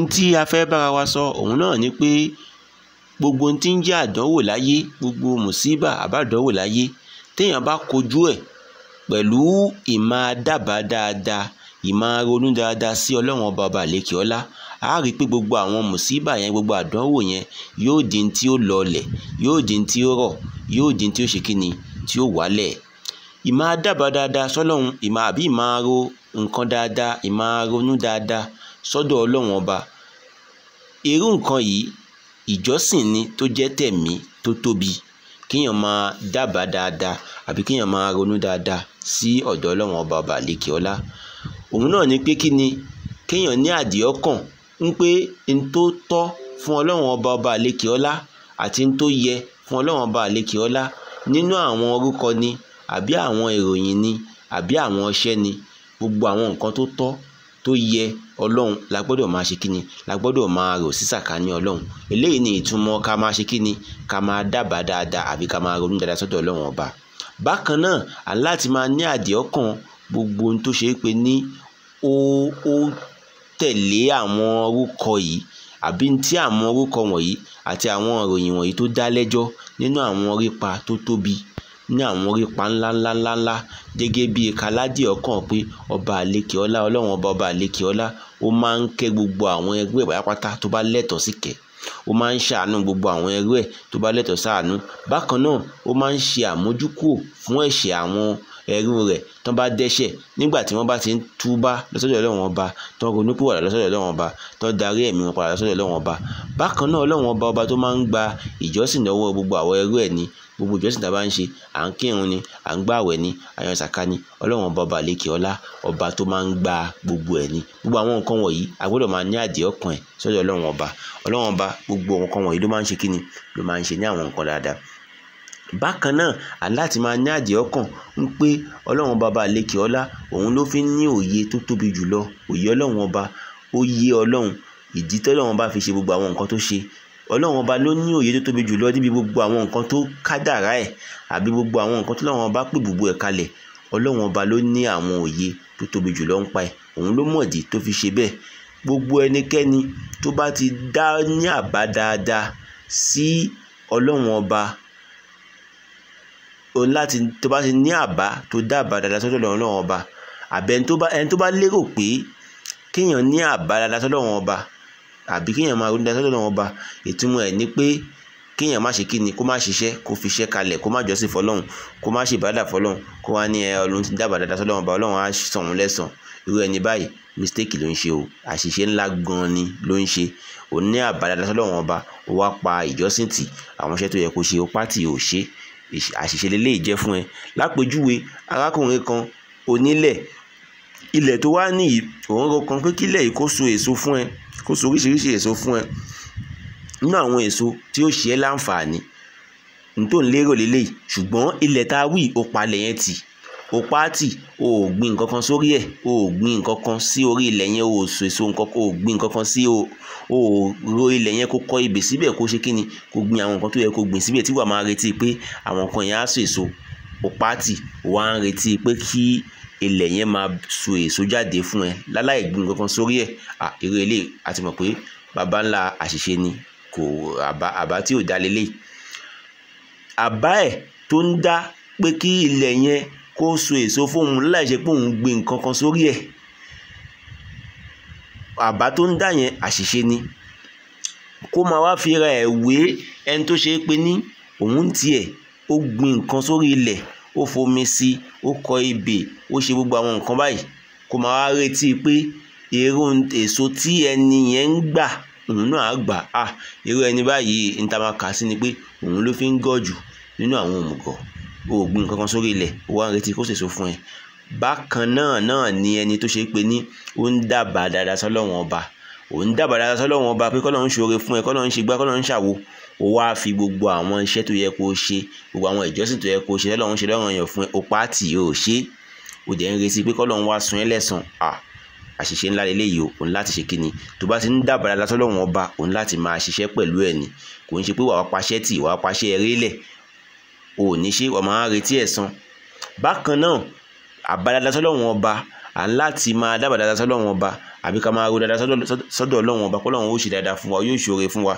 n tí a fẹ́ bára wa sọ òun náà ni pé gbogbo n tí ń jẹ́ àdánwò láyé gbogbo mùsíbà àbádánwò láyé téèyàn bá kojú ẹ̀ pẹ̀lú ìmáa dábàá dáadáa ìmáa ronú dáadáa sí ọlọ́run ọba ọba àlékè ọlá a rí i pé gbogbo àwọn mùsíbà yẹn gbogbo àdánwò yẹn yóò di n tí ó lọlẹ̀ yóò di n tí ó rọ̀ yóò di n tí ó ṣe kíni tí ó wálẹ̀ ìmáa dábàá dáadáa sọ́lọ́run ìmáa àbí ìmáa ro nǹkan dáadáa ìmáa ronú dáadáa sọ́dọ̀ ọlọ́run ọba irú nǹkan yìí ìjọsìn ni tó jẹ́ tẹ̀mí tó tóbi kíyàn máa dábàá dáadáa àbí kíyàn máa ronú dáadáa sí ọ̀dọ̀ ọlọ́run ọba ọba ọlá òun náà ni pé kí ni kíyàn ní àdìẹ ọkàn ń pé n tó tọ́ fún ọlọ́run ọba ọba àlekè ọlá àti n tó yẹ fún ọlọ́run ọba àlekè ọlá nínú àwọn orúkọ ni àbí àwọn ìròyìn ni àbí àwọn iṣẹ́ ni gbogbo àwọn nǹkan tó tọ́ tó yẹ ọlọ́run la gbọ́dọ̀ máa ṣe kíni la gbọ́dọ̀ máa rò sísàkà ní ọlọ́run eléyìí ni ìtumọ̀ ká máa ṣe kíni ká máa dábàá dáadáa àbí ká máa ronú dáadáa sọ́dọ̀ ọlọ́run ọba bákan náà aláàtì máa ní àdìẹ ọkàn gbogbo ohun tó ṣe é pé ní ó ó tẹ̀lé àwọn orúkọ yìí àbí tí àwọn orúkọ wọ̀nyí àti àwọn ìròyìn wọ̀nyí tó dá lẹ́jọ́ nínú àwọn orípa tó tóbi ní àwọn orípa ńláńláńláńlá gẹ́gẹ́ bí Kaládé ọkàn pé ọba àlekèọlá ọlọ́run ọba ọba àlekèọlá ó máa ń kẹ́ gbogbo àwọn ẹgbẹ́ ẹ̀ pátápátá tó bá lẹ́tọ̀ọ́ sí kẹ́ ó máa ń ṣàánú gbogbo àwọn ẹgbẹ́ ẹ̀ tó bá lẹ́tọ̀ọ́ sáàánú bákan náà ó máa ń ṣe àmójúkúrò fún ẹ̀ṣẹ̀ àwọn ẹrú rẹ̀ tán bá dẹ́ṣẹ̀ nígbà tí wọ́n bá ti ń túbá lọ́sọ́dọ̀ ọlọ́run ọba tán ronúpìwàdà lọ́sọ́dọ̀ ọlọ́run ọba tán darí ẹ̀mí wọn padà lọ́sọ́dọ̀ ọlọ́run ọba bákan náà ọlọ́run ọba ọba tó máa ń gba ìjọsìn lọ́wọ́ gbogbo àwọn ẹrú ẹ̀ ni gbogbo ìjọsìn tá a bá ń ṣe à ń kírun ni à ń gbààwẹ̀ ni àyàn ìsàká ni ọlọ́run ọba ọba àlékè ọlá ọba tó máa ń gba gbogbo ẹ̀ ni gbogbo àwọn nǹkan wọ̀nyí a máa ní àdìẹ ọkàn ẹ̀ sọ́dọ̀ ọlọ́run ọba ọlọ́run ọba gbogbo nǹkan wọ̀nyí ló máa ń ṣe kí ni ló máa ń ṣe ní àwọn nǹkan dáadáa bákan náà aláti máa ní àjẹ́ ọkàn ń pé ọlọ́run bàbá àlekè ọlá òun ló fi ń ní òye tó tóbi jùlọ òye ọlọ́run ọba ó yé ọlọ́run ìdí tọ́lọ́run ọba fi ṣe gbogbo àwọn nǹkan tó ṣe ọlọ́run ọba ló ní òye tó tóbi jùlọ níbi gbogbo àwọn nǹkan tó kádàrá ẹ̀ àbí gbogbo àwọn nǹkan tọ́lọ́run ọba pè gbogbo ẹ̀ kalẹ̀ ọlọ́run ọba ló ní àwọn òye tó tóbi jùlọ ń pa ẹ̀ òun ló mọ̀dí tó fi ṣe bẹ́ẹ̀ gbogbo ẹnikẹ́ni tó bá ti dá ní àbá dáadáa sí ọlọ́run ọba òun láti tó bá ti ní àbá tó dábàá dáadáa sọ́dọ̀ lọ́wọ́ náà ọba àbẹ ẹni tó bá lérò pé kéèyàn ní àbá dáadáa sọ́dọ̀ wọn ọba àbí kéèyàn máa ronú dáadáa sọ́dọ̀ wọn ọba ìtumọ̀ ẹ̀ ni pé kéèyàn má ṣe kíni kó má ṣiṣẹ́ kó fi iṣẹ́ kalẹ̀ kó má jọ́sìn fọlọ́hun kó má ṣe ìbádà fọlọ́hun kó wá ní ọlọ́run ti dábàá dáadáa sọ́dọ̀ ọba ọlọ́run á sàn wọ́n lẹ́sàn irú ẹni báyìí mistake ló ń ṣe o àṣìṣe ńlá gan-an ni ló ń ṣe òun ní àbá dáadáa sọ́dọ̀ ọba ó wá pa ìjọ́sìn tì àwọn iṣẹ́ tó yẹ kó ṣe ó pátì ò ṣe é àṣìṣe lélẹ́yìí jẹ́ fún ẹ lápèjúwe arákùnrin kan onílẹ̀ ilẹ̀ tó wá nìyí òun rọ kan pé kílẹ̀ yìí kó so èso fún ẹ kó so oríṣiríṣi èso fún ẹ nínú àwọn èso tí ó ṣe é láǹfààní n tó ń lérò lélẹ́yìí ṣùgbọ́n ilẹ̀ tá a wí ó palẹ̀ yẹn tì o pátì o ò gbin nǹkan kan sórí ẹ̀ e, o ò gbin nǹkan kan sí orí ilẹ̀ yẹn o ò so èso nǹkan kan o ò gbin nǹkan kan sí e. o ò ro ilẹ̀ yẹn kó kọ́ ibè síbẹ̀ kó ṣe kíni kó gbin àwọn nǹkan tó yẹ kó gbin síbẹ̀ tí wàá máa retí pé àwọn nǹkan yẹn á so èso o pátì wàá ń retí pé kí ilẹ̀ yẹn máa so èso jáde fún ẹ láláì gbin nǹkan kan sórí ẹ̀ à eré ilé àti mọ̀ pé baba ńlá àṣìṣe ni kò àbá àbá tí ò dá lélẹ̀ àbá ẹ̀ tó ń dá pé kí ilẹ̀ yẹn kó so èso fóun láìṣe pé òun gbin nǹkan kan sórí ẹ̀ àbá tó ń dà yẹn àṣìṣe ni kó máa wá fi ra ẹ̀wé ẹni tó ṣe é pé ní òun tiẹ̀ ó gbin nǹkan sórí ilẹ̀ ó fomi sí i ó kọ ebè ó ṣe gbogbo àwọn nǹkan báyìí kó máa wá retí pé èrò èso tí ẹni yẹn ń gbà òun náà á gbà á ah, irú ẹni báyìí ní máa kà sí ni pé òun ló fi ń gọ̀ nínú àwọn òmùgọ̀ o ò gbin nǹkan kan sórí ilẹ̀ o wá ń retí kó sèso fún ẹ bákan náà náà ni ẹni tó ṣe pé ní ó ń dábàá dáadáa sọ́lọ́run ọba ò ń dábàá dáadáa sọ́lọ́run ọba pé kọ́lọ́run ṣoore fún ẹ kọ́lọ́run ṣe gbá kọ́lọ́run ṣàwo o wá fi gbogbo àwọn iṣẹ́ tó yẹ kó o ṣe gbogbo àwọn ìjọsìn tó yẹ kó o ṣe lọ́lọ́run ṣe lọ́rùn yàn fún ẹ o pàtì o ṣe o dẹ̀ ń retí pé kọ́lọ́run wá sun ẹ́ lẹ́san àṣìṣe ńlá lélẹ́yìí o òun láti ṣe kíni tó bá ti ń dábàá dáadáa sọ́lọ́run ọba òun láti máa ṣiṣẹ́ pẹ̀lú ẹ̀ ni kò ń ṣe pé wàá paṣẹ́ tì wàá paṣẹ́ eré lẹ̀ ò ní ṣe wà máa retí ẹ̀san bákan náà àbádádá sọ́lọ́run ọba à máa dábàá dáadáa ọba àbí ká máa ro dáadáa sọ́dọ̀ ọba kọ́lọ́run ó ṣe dáadáa fún wa yóò ṣoore fún wa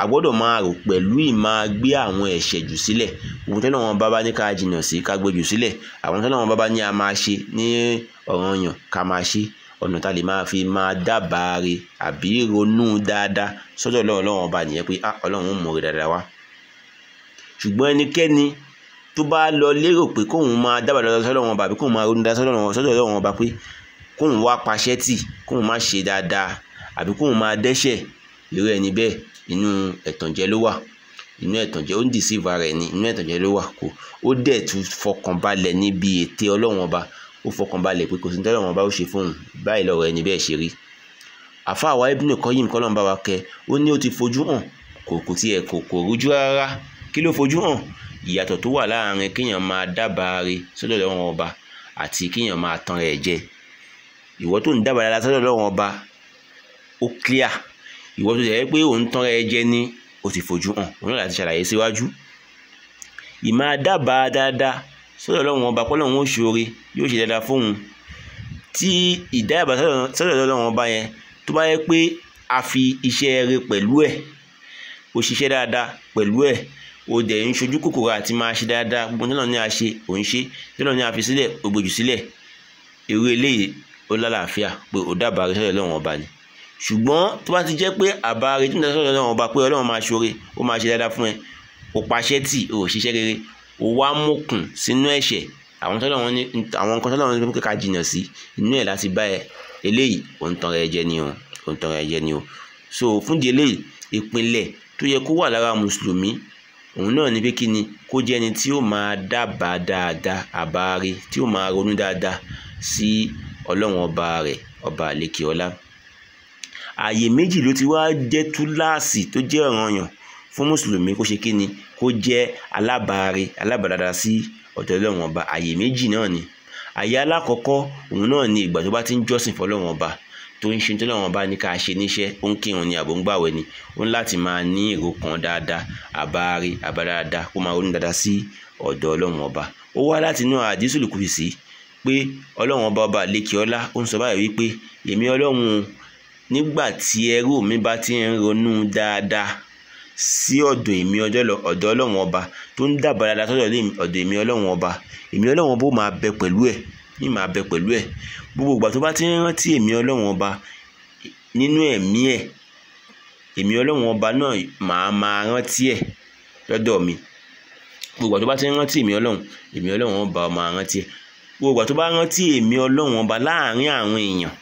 a gbọ́dọ̀ máa rò pẹ̀lú ìmáa gbé àwọn ẹ̀ṣẹ̀ jù sílẹ̀ ohun tẹ́lẹ̀ wọn bábá ní ká jìnnà sí ká gbé jù sílẹ̀ àwọn tẹ́lẹ̀ wọn bábá ní a máa ṣe ní ọ̀ranyàn ká máa ṣe ọ̀nà tá a lè máa fi máa dábàá re àbí ronú dáadáa sọ́dọ̀ ọlọ́run ọlọ́run ọba nìyẹn pé ah ọlọ́run ó mú re dáadáa wá ṣùgbọ́n ẹnikẹ́ni tó bá lọ lérò pé kóun máa dábàá lọ sọ́dọ̀ wọn bàbí kóun máa ronú dá sọ́dọ̀ wọn wọn bá pé kóun wá paṣẹ́ tì kóun má ṣe dáadáa àbí kóun máa dẹ́ṣẹ̀ irú ẹni bẹ́ẹ̀ inú ẹ̀tànjẹ ló wà inú ẹ̀tànjẹ ó ń deceive ara ẹ̀ ní inú ẹ̀tànjẹ ló wà kó ó dẹ̀ tún fọkànbalẹ̀ níbi ète ọlọ́wọ́n ọba ó fọkànbalẹ̀ pé kò sí tẹ́lẹ̀ wọn bá ó ṣe fóun báyìí lọ́rọ̀ ẹni bẹ́ẹ̀ ṣe rí àfáàwá Ibn Qayyim kọ́lọ́n bá wa kẹ ó ní ó ti fojú hàn kò kò tiẹ̀ kò kò rújú rárá kí ló fojú hàn ìyàtọ̀ tó wà láàrin kéèyàn máa dábàá re sọ́dọ̀ lọ́wọ́n ọba àti kéèyàn máa tan rẹ̀ jẹ ìwọ tó ń dábàá dáadáa sọ́dọ̀ lọ́wọ́n ọba ó clear ìwọ tó jẹ́ pé òun tan rẹ̀ jẹ ní o ti fojú hàn òun náà láti ṣàlàyé síwájú ìmọ̀ dábàá dáadáa sọ́dọ̀ lọ́wọ́n ọba pé Ọlọ́run ó ṣoore yóò ṣe dáadáa fóun tí ìdábàá sọ́dọ̀ lọ́wọ́n ọba yẹn tó bá yẹ pé a fi iṣẹ́ rẹ pẹ̀lú ẹ̀ ó dáadáa pẹ̀lú ẹ̀ o dẹ̀ ń ṣojú kòkòrò àti máa ṣe dáadáa gbogbo nílò ní a ṣe ò ń ṣe nílò ní a fi sílẹ̀ o gbòjù sílẹ̀ irú eléyìí ó lálàáfíà pé ó dábàá rẹ sọ́dọ̀ Ọlọ́run ọba ni ṣùgbọ́n tó bá ti jẹ́ pé àbá rẹ tó ń tẹ̀sọ́ Ọlọ́run ọba pé Ọlọ́run máa ṣoore ó máa ṣe dáadáa fún ẹ o paṣẹ́ tì o ṣiṣẹ́ rere o wá mọ̀kùn sínú ẹ̀ṣẹ̀ àwọn nǹkan tọ́lọ́run ní kíkà jìnnà sí inú ẹ̀ láti bá ẹ eléyìí òun tàn rẹ jẹ ni o òun tàn rẹ jẹ ni o so fún di eléyìí ìpínlẹ̀ tó yẹ kó wà lára mùsùlùmí òun náà ni pé kí ni kó jẹ́ ẹni tí ó máa dábàá dáadáa àbáre tí ó máa ronú dáadáa sí ọlọ́run ọba rẹ̀ ọba àlekè ọlá ààyè méjì ló ti wá jẹ́ túláàsì tó jẹ́ ọ̀ranyàn fún mùsùlùmí kó ṣe kí ni kó jẹ́ alábàáre alábàdáda sí ọ̀dọ̀ ọlọ́run ọba ààyè méjì náà ni ààyè alákọ̀ọ́kọ́ òun náà ni ìgbà tó bá ti ń jọ́sìn fọlọ́run ọba tó ń ṣe tọ́lọ́ bá ní ká ṣe níṣẹ́ ó ń kírun ni àbò ń gbàwẹ̀ ni ó ń láti máa ní èrò kan dáadáa àbáre àbádáadáa kó máa ronú dáadáa sí ọ̀dọ̀ ọlọ́run ọba ó wá láti inú àdísùlù kùsì pé ọlọ́run ọba ọba lékè ọlá ó ń sọ báyìí wípé èmi ọlọ́run nígbà tí ẹrú mi bá ti ń ronú dáadáa sí ọ̀dọ̀ èmi ọ̀dọ̀ ọlọ́run ọba tó ń dàbọ̀ dáadáa sọ́dọ̀ ọ̀dọ̀ èmi ọlọ́run ọba èmi ọlọ́run ọba ó máa bẹ pẹ̀lú ẹ̀ ní màá bẹ pẹ̀lú ẹ̀ gbogbo ìgbà tó bá ti ń rántí èmi ọlọ́run ọba nínú ẹ̀mí ẹ̀ èmi ọlọ́run ọba náà màá máa rántí ẹ̀ lọ́dọ̀ mi gbogbo ìgbà tó bá ti ń rántí èmi ọlọ́run èmi ọlọ́run ọba máa rántí ẹ̀ gbogbo ìgbà tó bá rántí èmi ọlọ́run ọba láàárín àwọn èèyàn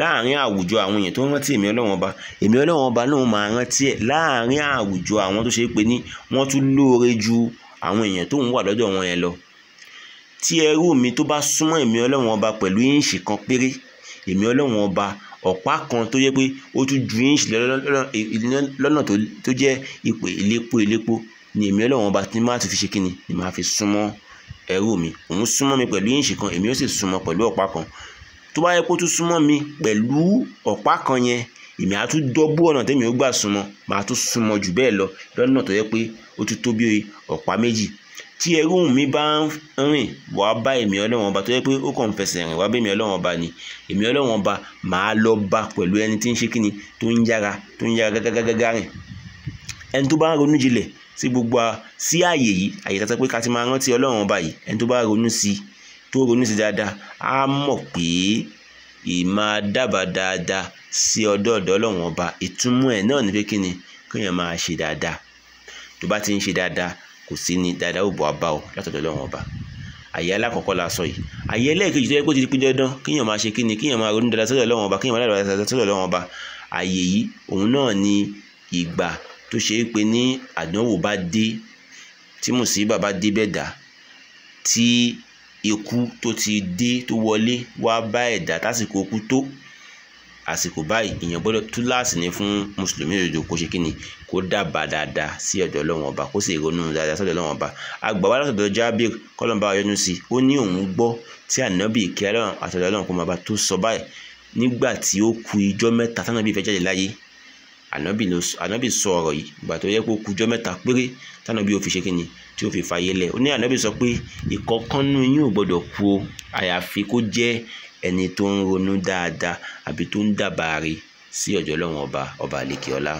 láàárín àwùjọ àwọn èèyàn tó rántí èmi ọlọ́run ọba èmi ọlọ́run ọba náà máa rántí ẹ̀ láàárín àwùjọ àwọn tó ṣe é pé ní wọ́n tún lóore ju àwọn èèyàn tó ń wà lọ́dọ̀ wọn yẹn lọ tí ẹrú mi tó bá súnmọ́ èmi ọlọ́run ọba pẹ̀lú íǹṣì kan péré èmi ọlọ́run ọba ọ̀pá kan tó yẹ pé ó tún ju íǹṣì lọ́nà tó jẹ́ ipò ìlépo ìlépo ni èmi ọlọ́run ọba tí máa tún fi ṣe kí ni ni màá fi súnmọ́ ẹrú mi òun súnmọ́ mi pẹ̀lú íǹṣì kan èmi ó sì súnmọ́ pẹ̀lú ọ̀pá kan tó bá yẹ kó tún súnmọ́ mi pẹ̀lú ọ̀pá kan yẹn èmi á tún dọ́gbó ọ̀nà tẹ́mi ó gbà súnmọ́ màá tún súnmọ́ jù bẹ́ẹ̀ lọ lọ́nà tó yẹ pé ó tún tó bí ọ̀pá méjì tí ẹrú mi bá ń rìn wá bá èmi ọlọ́run ọba tó yẹ pé ó kàn fẹsẹ̀ rìn wá bá èmi ọlọ́run ọba ni èmi ọlọ́run ọba màá lọ bá pẹ̀lú ẹni tí ń ṣe kíni tó ń yára tó ń yára gágágágá rìn ẹni tó bá ń ronú jinlẹ̀ sí gbogbo sí àyè yìí àyè tata pé ká ti máa rántí ọlọ́run ọba yìí ẹni tó bá ronú sí tó ronú sí dáadáa á mọ̀ pé ìmọ̀ dábàá dáadáa sí ọ̀dọ̀ tó bá ti ń ṣe dáadáa kò sí ni dáadáa ó bọ̀ á bá látọ̀dọ̀ Ọlọ́run ọba àyè alákọ̀ọ́kọ́ la sọ yìí àyè ẹlẹ́ẹ̀kejì tó yẹ kó ti di pín dandan kíyàn máa ṣe kíni kíyàn máa ronú dáadáa sọ́dọ̀ Ọlọ́run ọba kíyàn máa dáadáa sọ́dọ̀ Ọlọ́run ọba àyè yìí òun náà ni ìgbà tó ṣe é pé ní àdánwò bá dé tí mùsíbà bá dé bẹ́ẹ̀ tí ikú tó ti dé tó wọlé wá bá ẹ̀dá tásìkò ikú tó àsìkò báyìí èèyàn gbọ́dọ̀ túláàsì ni fún mùsùlùmí òdodo kó ṣe kí ni kó dábàá dáadáa sí ọ̀dọ̀ ọlọ́run ọba kó sì ronú dáadáa sọ́dọ̀ ọlọ́run ọba àgbà wa látọ̀dọ̀ jábìr kọ́lọ́mbà ọyọ́nu sí ó ní òun gbọ́ tí ànábì kí ọlọ́run àtọ̀dọ̀ ọlọ́run kó máa bá tó sọ báyìí nígbà tí ó ku ijọ́ mẹ́ta tánàbì fẹ́ jáde láyé ànábì sọ ọ̀rọ̀ yìí ìgbà tó yẹ kó ku ijọ́ mẹ́ta péré tánàbì ó fi ṣe kíni tí ó fi fàyè lẹ̀ ó ní ànábì sọ pé ìkọ̀ọ̀kan nínú yín ò gbọ́dọ̀ kú o àyàfi kó jẹ́ ẹni tó ń ronú dáadáa àbí tó ń dàbàárí sí ọ̀dọ̀ ọba ọba àlekè ọlá